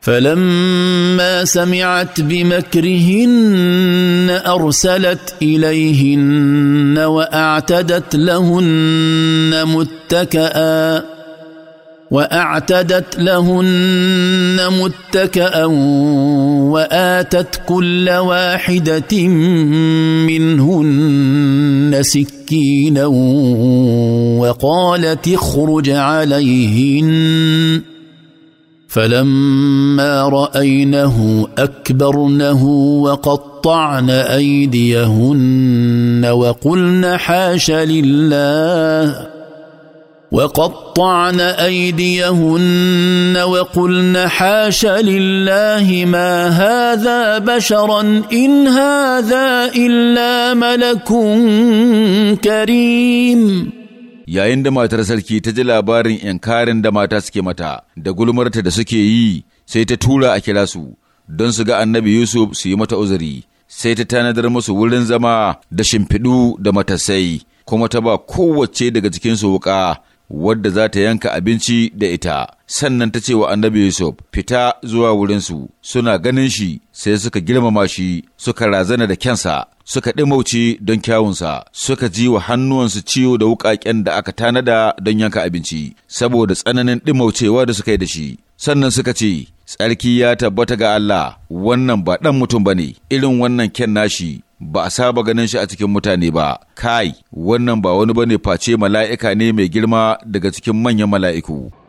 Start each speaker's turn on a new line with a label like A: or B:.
A: فلما سمعت بمكرهن ارسلت اليهن واعتدت لهن متكئا واعتدت لهن متكئا واتت كل واحده منهن سكينا وقالت اخرج عليهن فلما راينه اكبرنه وقطعن ايديهن وقلن حاش لله وقطعن ايديهن وقلن حاش لله ما هذا بشرا ان هذا الا ملك كريم
B: yayin da matar sarki ta ji labarin yankarin da mata suke mata da gulmarta da suke yi sai ta tura a kira su don su ga annabi Yusuf su yi mata uzuri sai ta tanadar musu wurin zama da shimfiɗu da matasai kuma ta ba kowace daga cikin su wuƙa wadda za ta yanka abinci da ita sannan ta ce wa annabi Yusuf fita zuwa wurinsu suna ganin shi sai suka girmama shi suka razana da kyansa suka ɗimauce don kyawunsa, suka ji wa hannuwansu ciwo da wuƙaƙen da aka tanada don yanka abinci, saboda tsananin ɗimaucewa da suka yi da shi. Sannan suka ce, Tsarki ya tabbata ga Allah, wannan ba ɗan mutum ba ne, irin wannan kyan nashi ba a saba ganin shi a cikin mutane ba, kai, wannan ba wani ba ne face mala'ika ne mai girma daga cikin manyan mala'iku.